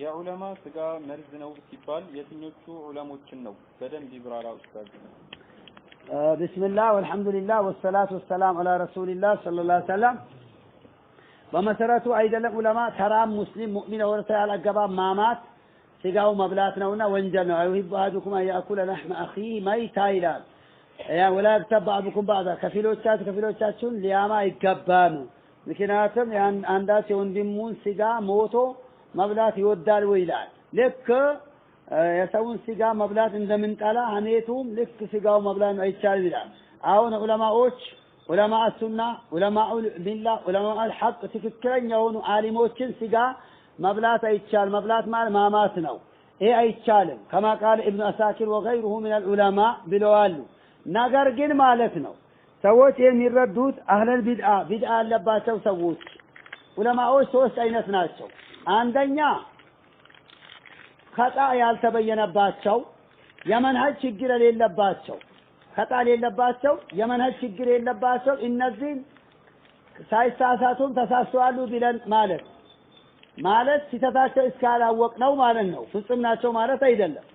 የዑለማ ስጋ መርዝ ነው ሲባል የትኞቹ ዑለሞችን ነው በደንብ ይብራራ ኡስታዝ? ቢስሚላህ ወልሐምዱሊላህ ወሰላቱ ወሰላም አላ ረሱሊላህ ሰለላሁ ዐለይሂ በመሰረቱ አይደለም ዑለማ ተራም ሙስሊም ሙእሚን ወደ ሰላል ማማት ስጋው መብላት ነውና ወንጀል ነው። አይሁብ አሐዱኩም አያኩለ ለሕመ አኺህ መይታ ይላል። ያ ወላ ያግተብ ባዕዱኩም ባዕዳ ከፊሎቻችሁ ከፊሎቻችሁን ሊያማ አይገባም። ምክንያቱም አንዳች የወንድሙን ስጋ ሞቶ መብላት ይወዳል ወይ ይላል። ልክ የሰውን ስጋ መብላት እንደምንጠላ ሀሜቱም ልክ ስጋው መብላት አይቻልም ይላል። አሁን ዑለማዎች ዑለማ ሱና፣ ዑለማ ሚላ፣ ዑለማ አልሐቅ ትክክለኛ የሆኑ አሊሞችን ስጋ መብላት አይቻል። መብላት ማለት ማማት ነው። ይሄ አይቻልም። ከማ ቃለ ኢብኑ አሳኪር ወገይሩሁ ሚነል ዑለማ ብለዋሉ። ነገር ግን ማለት ነው ሰዎች የሚረዱት አህለል ቢድአ ቢድአ ያለባቸው ሰዎች ዑለማዎች ሶስት አይነት ናቸው። አንደኛ ከጣ ያልተበየነባቸው የመንሀጅ ችግር የሌለባቸው ከጣ የሌለባቸው የመንሀጅ ችግር የሌለባቸው እነዚህም ሳይሳሳቱም ተሳስተዋሉ ቢለን ማለት ማለት ሲተታቸው እስካላወቅ ነው ማለት ነው። ፍጹም ናቸው ማለት አይደለም።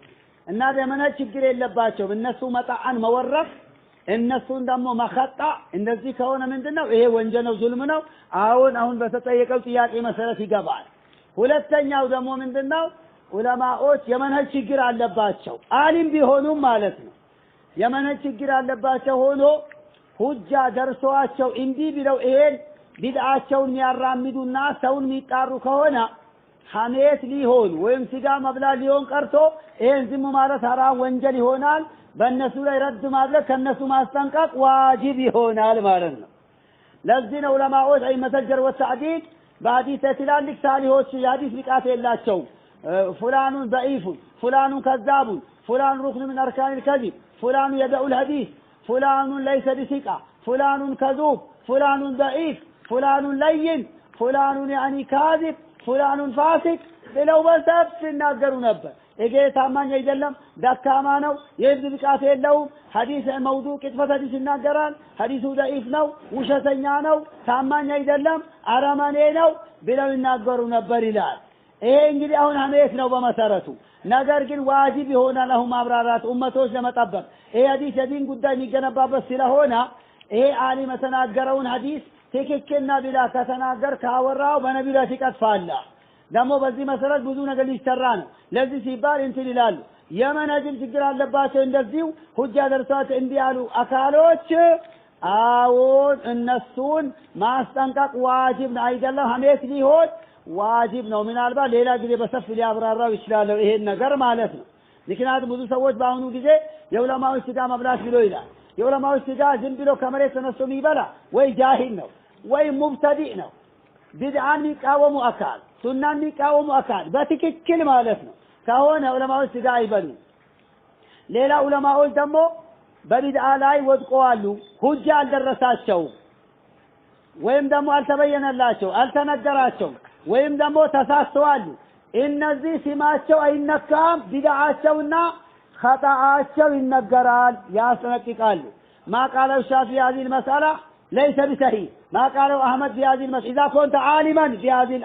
እና የመንሀጅ ችግር የለባቸውም እነሱ መጣአን መወረፍ እነሱን ደግሞ መከጣ እንደዚህ ከሆነ ምንድን ነው ይሄ? ወንጀል ነው፣ ዙልም ነው። አሁን አሁን በተጠየቀው ጥያቄ መሰረት ይገባል። ሁለተኛው ደግሞ ምንድነው ዑለማዎች የመንሀጅ ችግር አለባቸው አሊም ቢሆኑም ማለት ነው የመንሀጅ ችግር አለባቸው ሆኖ ሁጃ ደርሶዋቸው እንዲህ ቢለው ይሄን ቢድዓቸውን የሚያራምዱና ሰውን የሚጣሩ ከሆነ ሐሜት ሊሆን ወይም ስጋ መብላት ሊሆን ቀርቶ ይሄን ዝም ማለት ሐራም ወንጀል ይሆናል። በእነሱ ላይ ረድ ማድረግ ከእነሱ ማስጠንቀቅ ዋጅብ ይሆናል ማለት ነው። ለዚህ ነው ዑለማዎች ዐይመተል ጀርወ በአዲስ ትላልቅ ሳሊሆች የአዲስ ብቃት የላቸው ፉላኑን ደኢፉን ፉላኑን ከዛቡን ፉላን ሩክን ምን አርካን ከዚብ ፉላኑ የደኡል ሐዲስ ፉላኑን ለይሰ ቢሲቃ ፉላኑን ከዙብ ፉላኑን ደኢፍ ፉላኑን ለይን ፉላኑን ያኒ ካዚብ ፉላኑን ፋሲቅ ብለው በሰፊ ይናገሩ ነበር። እገሌ ታማኝ አይደለም፣ ደካማ ነው፣ የህዝብ ብቃት የለውም፣ ሐዲስ መውዱ ቅጥፈት ሐዲስ ይናገራል፣ ሐዲሱ ደኢፍ ነው፣ ውሸተኛ ነው፣ ታማኝ አይደለም፣ አረመኔ ነው ብለው ይናገሩ ነበር ይላል። ይሄ እንግዲህ አሁን ሐሜት ነው በመሰረቱ። ነገር ግን ዋጅብ ይሆናል አሁን ማብራራት ኡመቶች ለመጠበቅ ይሄ ሐዲስ የዲን ጉዳይ የሚገነባበት ስለሆነ ይሄ አሊም የተናገረውን ሐዲስ ትክክልና ቢላ ከተናገር ካወራው በነቢዩ ላይ ትቀጥፋለህ። ደግሞ በዚህ መሰረት ብዙ ነገር ሊሰራ ነው። ለዚህ ሲባል እንትን ይላሉ። የመን ችግር አለባቸው። እንደዚሁ ሁጃ ደርሷት እንዲህ ያሉ አካሎች አዎን እነሱን ማስጠንቀቅ ዋጅብ ነው። አይደለም ሀሜት ሊሆን ዋጅብ ነው። ምናልባት ሌላ ጊዜ በሰፊ ሊያብራራው ይችላለሁ ይሄን ነገር ማለት ነው። ምክንያቱም ብዙ ሰዎች በአሁኑ ጊዜ የዑለማዎች ስጋ መብላት ብሎ ይላል። የዑለማዎች ስጋ ዝም ብሎ ከመሬት ተነስቶ የሚበላ ወይ ጃሂል ነው ወይ ሙብተዲእ ነው፣ ቢድዓን የሚቃወሙ አካል ሱና የሚቃወሙ አካል በትክክል ማለት ነው ከሆነ ዑለማዎች ስጋ አይበሉ። ሌላ ዑለማዎች ደግሞ በቢድዓ ላይ ወድቀዋሉ፣ ሁጃ አልደረሳቸው ወይም ደግሞ አልተበየነላቸው፣ አልተነገራቸው ወይም ደግሞ ተሳስተዋሉ። እነዚህ ስማቸው አይነካም፣ ቢድዓቸውና ኸጣአቸው ይነገራል፣ ያስጠነቅቃሉ። ما قال الشافعي هذه المسألة ليس بسهي ما قاله أحمد في هذه المسألة إذا كنت عالما في هذه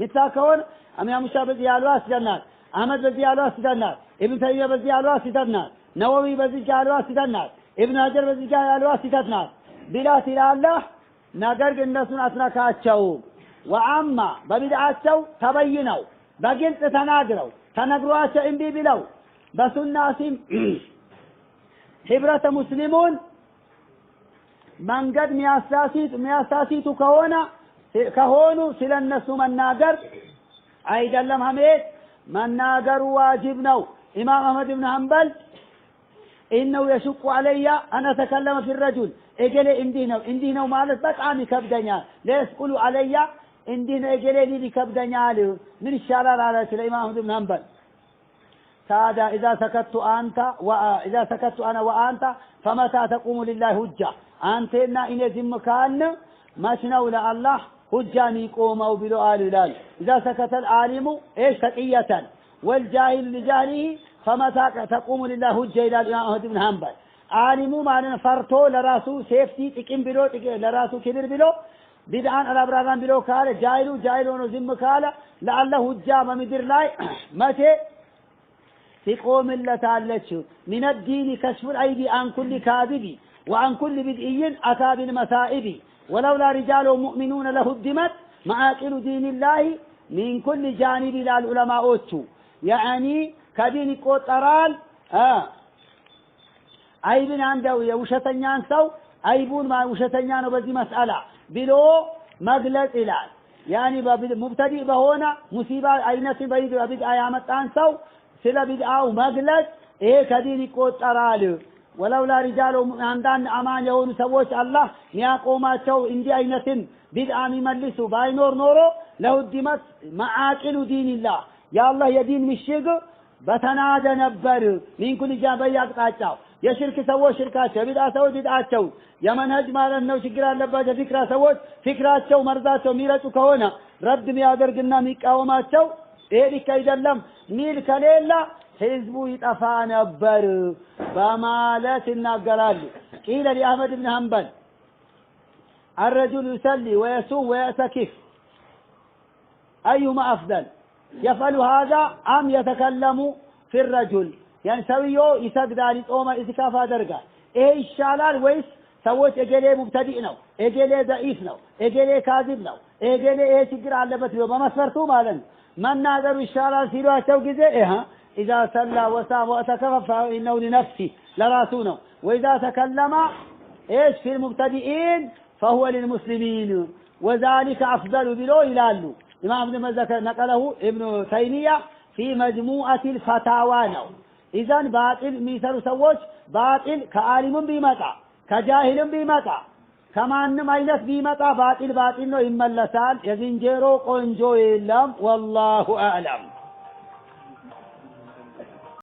ሊታከውን አሚያሙሻ በዚህ ያሉ አስደናል አህመድ በዚህ ያሉ አስደናል ኢብን ተይሚያ በዚህ ያሉ አስደናል ነወዊ በዚህ ያሉ አስደናል ኢብን ሀጀር በዚህ ያሉ አስደናል ቢላት ይላለህ ነገር ግን እነሱን አትነካቸው ወአማ በቢድዓቸው ተበይነው በግልጽ ተናግረው ተነግሯቸው እምቢ ብለው በሱና ሲም ህብረተ ሙስሊሙን መንገድ ሚያሳሲቱ ከሆነ كهونو سل الناس من ناجر عيد لم هميت من ناجر واجبنا إمام أحمد بن حنبل إنه يشق علي أنا أتكلم في الرجل إجل إندينا إندينا وما لس بقى مكبدنيا ليس كل علي إندينا إجل لي مكبدنيا له من الشارع على سل إمام أحمد بن حنبل سادة إذا سكتت أنت إذا سكتت أنا وأنت فمتى تقوم لله حجة أنت إن إن زمكان ما شنو لا الله هجاني قوم أو بلو آل الهلال إذا سكت العالم إيش تقية والجاهل لجاهله فما تقوم لله هجا إلى الإمام أهد بن هنبل عالم معنى فرطو لراسو سيفتي تكين بلو تكين لراسو كبير بلو بدعان على برغان بلو قال جاهلو جاهلو نزم قال لعله حجة ممدر لاي متى تقوم الله تعالى من الدين كشف الأيدي عن كل كاذب وعن كل بدئي أتى بالمثائب ولولا رجال مؤمنون له الدمت معاقل دين الله من كل جانب الى العلماء اوتشو يعني كدين كوترال اه ايبن عنده يا وشتن يانسو ايبون مع وشتن يانو بزي مسألة بلو مجلس الى يعني مبتدي بهونا مصيبة اي ناس بيد ايامت انسو سلا بدعاو مجلس ايه كدين كوترال ወለውላ ሪጃሎ አንዳንድ አማን የሆኑ ሰዎች አላህ የሚያቆማቸው እንዲህ አይነትን ቢድአ የሚመልሱ ባይኖር ኖሮ ለውድመት መዓቂሉ ዲንላህ የአላህ የዲን ምሽግ በተናደ ነበር። ሚን ኩል ጃበይ አቅጣጫው የሽርክ ሰዎች ሽርካቸው፣ የቢድዓ ሰዎች ቢድዓቸው፣ የመንሀጅ ማለት ነው ችግር አለባቸው። የፊክራ ሰዎች ፊክራቸው መርዛቸው የሚረጩ ከሆነ ረድ የሚያደርግና የሚቃወማቸው ይሄ ልክ አይደለም ሚል ከሌላ ህዝቡ ይጠፋ ነበር በማለት ይናገራሉ። ቂለ ሊአህመድ ብን ሐንበል الرجل يصلي ويصوم ويعتكف أيهما أفضل يفعل هذا አም የተከለሙ ፊረጁል ያን يعني ሰውየው ይሰግዳል፣ ይጾማል፣ ኢዕቲካፍ አደርጋል። ይሄ ይሻላል ወይስ ሰዎች እገሌ ሙብተዲእ ነው፣ እገሌ ደኢፍ ነው፣ እገሌ ካዚብ ነው፣ እገሌ ይሄ ችግር አለበት ብሎ በመስፈርቱ ማለት ነው መናገሩ ይሻላል ሲሏቸው ጊዜ إذا صلى وسام وتكفف فإنه لنفسي لراتونه وإذا تكلم إيش في المبتدئين فهو للمسلمين وذلك أفضل بلو إلى اللو إمام ابن مزكر نقله ابن تيمية في مجموعة الفتاوى إذا باطل ميسر سووش باطل كعالم بيمتع كجاهل بيمتع كما أن مينس بيمتع باطل باطل نو إما اللسان يزنجيرو قنجو إلام والله أعلم